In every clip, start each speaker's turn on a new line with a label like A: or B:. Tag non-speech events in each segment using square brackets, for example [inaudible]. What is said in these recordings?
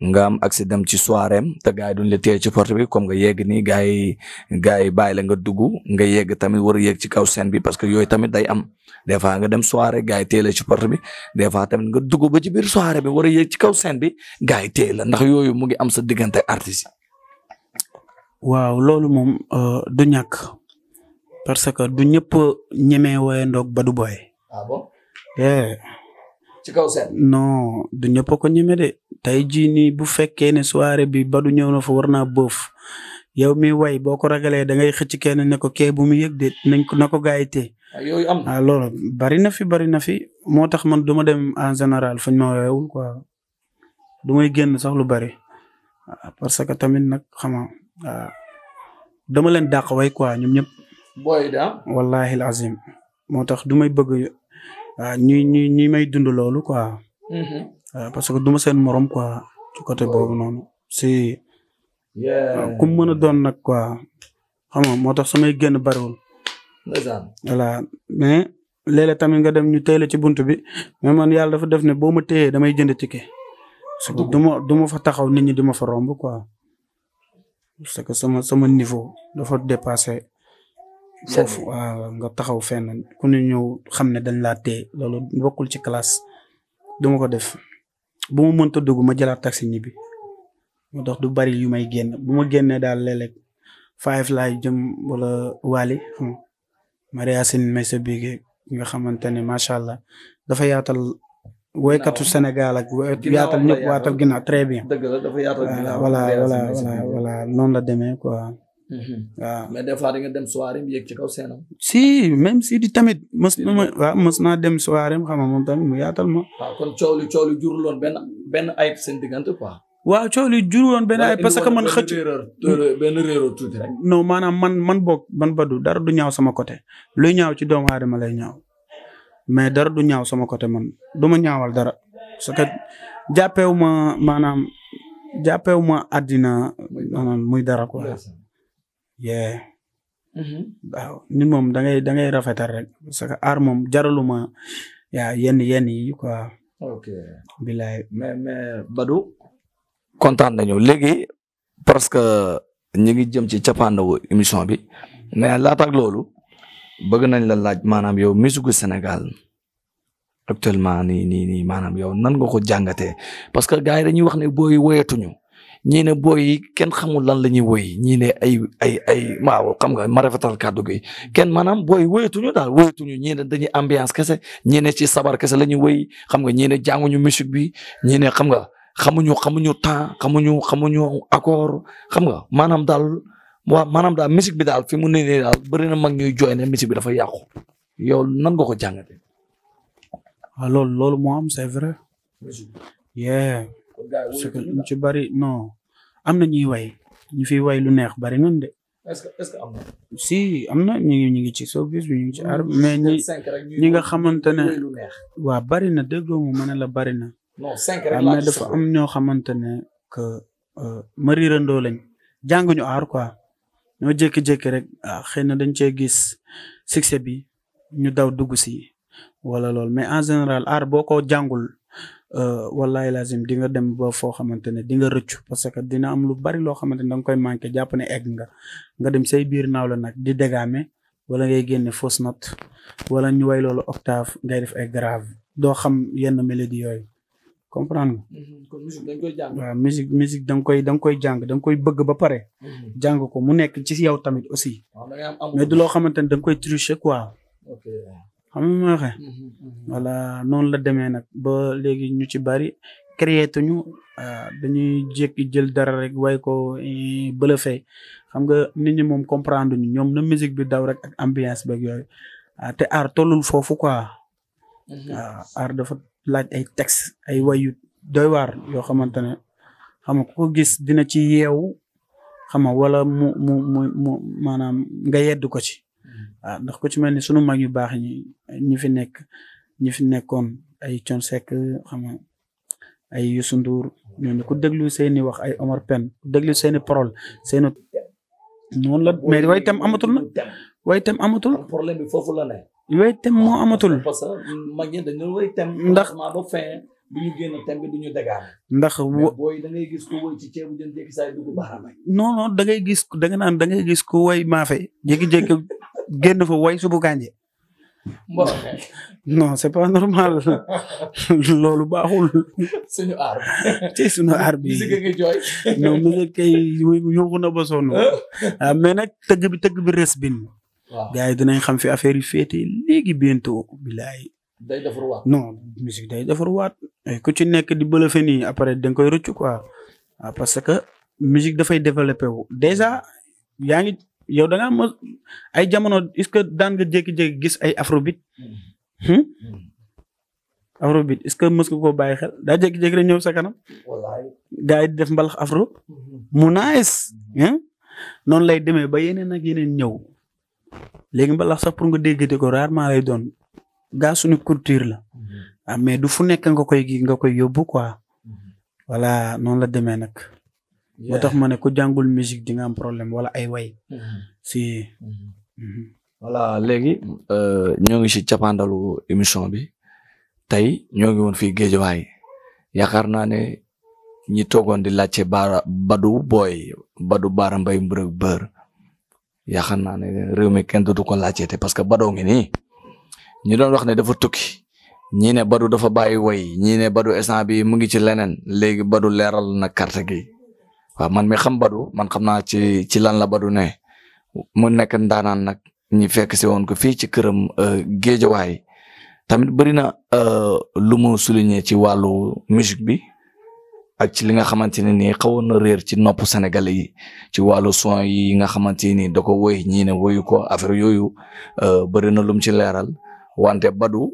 A: nga am dem ci soirée te gars yi duñ la téye ci porte bi comme nga yegg nii gars yi gars yi bàyyi la nga dugg nga yegg tamit war a yegg ci kaw scène bi parce que yooyu tamit day am des fois nga dem soirée gars yi téye ci porte bi des fois tamit nga dugg ba ci biir bi war a ci kaw scène bi gars yi la ndax yooyu mu ngi am sa diggante artiste
B: waaw loolu moom euh, du ñàkk parce que du ñëpp ñemee woyandoog Badou Boy. ah bon. Eh. ci kaw seen. non du ñëpp ko ñeme de jii nii bu fekkee ne soirée bi Badou ñëw na fa war naa bëf yow mi way boo ko ragalee da ngay xëcc kenn ne ko kee bu mu yëg de nañ ko na ko gaa yi ah, ah, bari na fi bari na fi moo tax man du dem en général fo ma woowul quoi du may génn sax lu bari ah, parce que tamit nag xam nga waaw dama leen dàq way quoi ñoom ñëpp. booy da wallahi alazim moo tax du may bëgg ñuy ñuy ñuy may dund loolu quoi. Mm-hmm. parce que duma seen moroom quoi ci côté boobu noonu si. ku mu mën a doon nag quoi xam nga moo tax samay génn bariwul. voilà mais léeg-léeg tamit nga dem ñu teele ci bunt bi mais man yàlla dafa def ne boo ma téyee damay jënd ticket. parce que du ma du ma fa taxaw nit ñi di ma fa romb quoi. parce que sama sama niveau dafa dépassé. foofu waaw nga taxaw fenn ku ne ñëw xam ne dañ laa te loolu bokkul ci classe duma ko def bu ma mënta dugg ma jëlaat taxi ñibbi moo tax du bari yu may génn bu ma génnee daal léeg-léeg five laay jëm wala waali xam hmm, Maria Sine Meysa Bigué nga xamante ne macha allah dafa yaatal woykatu Sénégal ak yaatal ñëpp waatal ginnaaw très bien.
A: dëgg la dafa yaatal euh, ginnaaw
B: noonu la demee quoi.
A: Mhm. waaw mais des fois da nga dem soirée mu ci kaw seenam.
B: si même si di tamit mos na ma waaw mos naa dem soirée mu xam nga tamit mu yaatal ma.
A: waaw kon coow li coow li benn benn ayib seen quoi.
B: waaw coow jur woon ben ay parce que man xëcc
A: benn réeroo tuuti rek.
B: non maanaam man man boog man badu dara du ñaaw sama côté luy ñaaw ci doomu aadama lay ñaaw. mais dara du ñaaw sama côté man du ma ñaawal dara parce que jàppewu ma maanaam jàppewu ma àddina maanaam muy dara quoi. yee mm-hmm. waaw nit moom da ngay da ngay rafetal rek parce que aar moom jaraluma yaa yenn yenn yi quoi. ok bilaay Badou
A: kontaan nañu léegi parce que ñu ngi jëm ci cappaandawu émission bi mais laata ak loolu. bëgg nañ la laaj maanaam yow musique senegal actuellement nii nii nii maanaam yow nan nga ko jàngatee parce que gars yi dañuy wax ne booy woyatuñu ñii ne booy yi kenn xamul lan la ñuy woy ñii ne ay ay ay waaw xam nga ma rafetal kàddu gi kenn maanaam booy woyatuñu daal woyatuñu ñii ne dañuy ambiance kese ñii ne ci sabar kese la ñuy woy xam nga ñii ne jànguñu musique bi ñii ne xam nga xamuñu xamuñu temps xamuñu xamuñu accord xam nga maanaam daal. waaw maanaam daal musique bi daal fi mu ne nii daal bëri na mag ñuy jooy ne bi dafa yàqu
B: yow nan nga ko jàngate waaw ah, loolu loolu moo am c'est vrai. ci bari non am na ñuy way ñu fi way lu neex bari nañ de.
A: na.
B: si am na ñu ngi ñu ngi ci showbiz bi hmm, ñi ñi nga xamante ne waa bari na déggoo mu mën la bari na.
A: non am
B: ñoo xamante ne que euh, mariirandoo lañ jànguñu aar ñoo jékki-jékki rek ah xëy na dañ cee gis succès bi ñu daw dugg si wala lool mais en général aar boo ko jàngul euh, wallahi lazim di nga dem ba foo xamante ne di nga rëccu parce que dina am lu bari loo xamante ne da koy manqué jàpp ne egg nga nga dem say biir naaw la nag di dégaame wala ngay génne fausse note wala ñu way loolu octave ngay def ay grave doo xam yenn mélodie yooyu comprendre nga. Mhm. kon musique dañ koy jàng. koy jàng da koy bëgg ba pare. Mhm. jàng ko mu nekk ci yow tamit aussi.
A: mais du loo xamante
B: ni da koy tricher quoi. ok xam nga ma waxee. Mhm, voilà noonu la demee nag ba léegi ñu ci bari créé tuñu ah, dañuy jékki jël dara rek way ko eh, bëlëfee xam nga nit ñi moom comprendre ñu ñoom na musique bi daw rek ak ambiance beeg yooyu ah, te art tollul foofu quoi. waaw ah, art dafa. laaj ay texte ay wayu doy waar yoo xamante ne xam nga ku gis dina ci yeew xam nga wala mu mu mu mu maanaam nga yedd ko ci mm-hmm. waaw ndax ku ci mel ni sunu mag yu baax ñi ñi fi nekk ñi fi nekkoon ay Thione Seck xam nga ay Youssou Ndour ñooñu ku déglu seeni wax ay Omar Pène ku déglu seeni parole seeni noonu la mais way tam amatul na way tem amatul. problème bi foofu la ne. way tem moo amatul.
A: que mag ñi dañu way ndax ba fin bu ñu génn tem bi du ñu dagaal. ndax wo da ngay gis ko ci ceebu jën jékki saa dugg
B: baaraam non non da nga naan da ngay gis ko woy maafe jékki-jékki [laughs] génn fa woy subu kànje.
A: [laughs]
B: non c'est pas normal [laughs] loolu baaxul. suñu aar bi suñu aar bi. musique nga jooy. non musique kay yóbbu na ba sonn. Ah, mais nag tëgg bi tëgg bi waaw gars yi dinañ xam fi affaire yi féete léegi bientôt
A: bilaay. day defarwaat non
B: musique day defarwaat. ku ci nekk di bëlëfe nii après da nga koy rëccu quoi ah, parce que musique dafay développé wu déjà yaa ngi yow da ngaa ay jamono est-ce que daan nga jékki-jékki gis ay afrobeat. Hmm. Hmm? Hmm. afrobeat est-ce que mos nga koo bàyyi xel daa jékki-jékki rek ñëw sa kanam. wallaay yi di def mbalax afro. mu nice. noonu lay demee ba yeneen ak yeneen ñëw. léegi mbalax sax pour nga déggati ko rarement lay doon gaa suñu culture la mm-hmm. ah mais du fu nekk nga koy nga koy yóbbu quoi mm-hmm. voilà noonu la demee nag. moo tax ma ne ku jàngul musique di nga am problème wala ay way. Mm-hmm. si.
A: wala léegi euh, ñoo ngi si cappaandalu émission bi tey ñoo ngi woon fii Géejawaay yaakaar naa ne ñi toogoon di laajte baara Badou Boy Badou Baara Mbaye Mbërëg Bër. yaakaar naa ne réew mi kenn ko laajte parce que bado ngi nii ñi doon wax ne dafa tukki ñii ne Badou dafa bàyyi woy ñii ne Badou instant bi mu ngi ci leneen léegi Badou leeral na carte gi waaw man mi xam Badou man xam naa ci ci lan la Badou ne mu nekk ndaanaan nag ñi fekk si woon ko fii ci këram euh, géejawaay tamit bëri na euh, lu mu souligné ci wàllu musique bi ak ci li nga xamante ne nii xawoon na réer ci nopp sénégalais yi ci wàllu son yi nga xamante ni da ko woy ñii ne woyu ko affaire yooyu euh, bëri na lum ci leeral wante Badou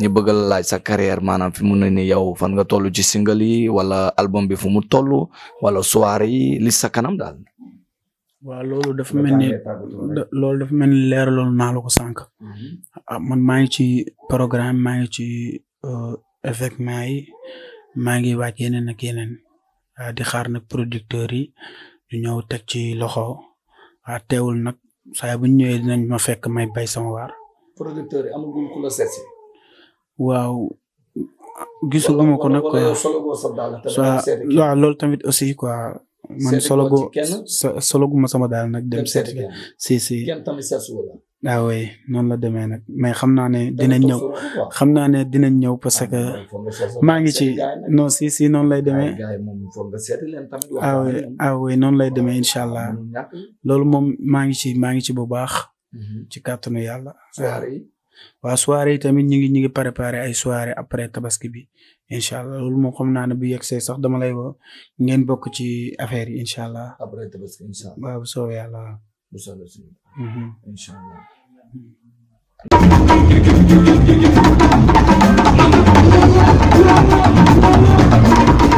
A: ñu bëgg la laaj sa carrière maanaam fi mu ne nii yow fan nga toll ci single yi wala album bi fu mu toll wala soir yi li sa kanam daal.
B: waaw loolu dafa mel ni loolu dafa mel ni leer naa ko sànq. Mhm. Ah, man maa ngi ci programme maa ngi ci euh, événement yi. maa ngi waaj yeneen ak yeneen ah, di xaar nag producteurs yi ñu ñëw teg ci loxo waa ah, teewul nag saa bu ñu ñëwee dinañ ma fekk may bay sama waar.
A: producteurs yi amagul ku
B: waaw gisuguma ko nag. waaw loolu tamit aussi quoi. man solo gu solo gu ma sama daal nag dem seet si si si. waaw ah noonu la demee nag mais xam naa ne dinañ ñëw xam naa ne dinañ ñëw parce ah, que maa ngi ci non si si noonu lay demee waaw ah waaw noonu lay demee incha allah loolu moom maa ngi ci maa ngi ci bu baax mhm. ci kàttanu yàlla waaw soirée yi tamit ñu ngi ñu ngi préparé ay soirée après tabaski bi incha allah loolu moom xam naa ne bu yegsee sax dama lay woo ngeen bokk ci affaire yi incha allah waaw yàlla bu soobee suñu incha allah Thank
A: you.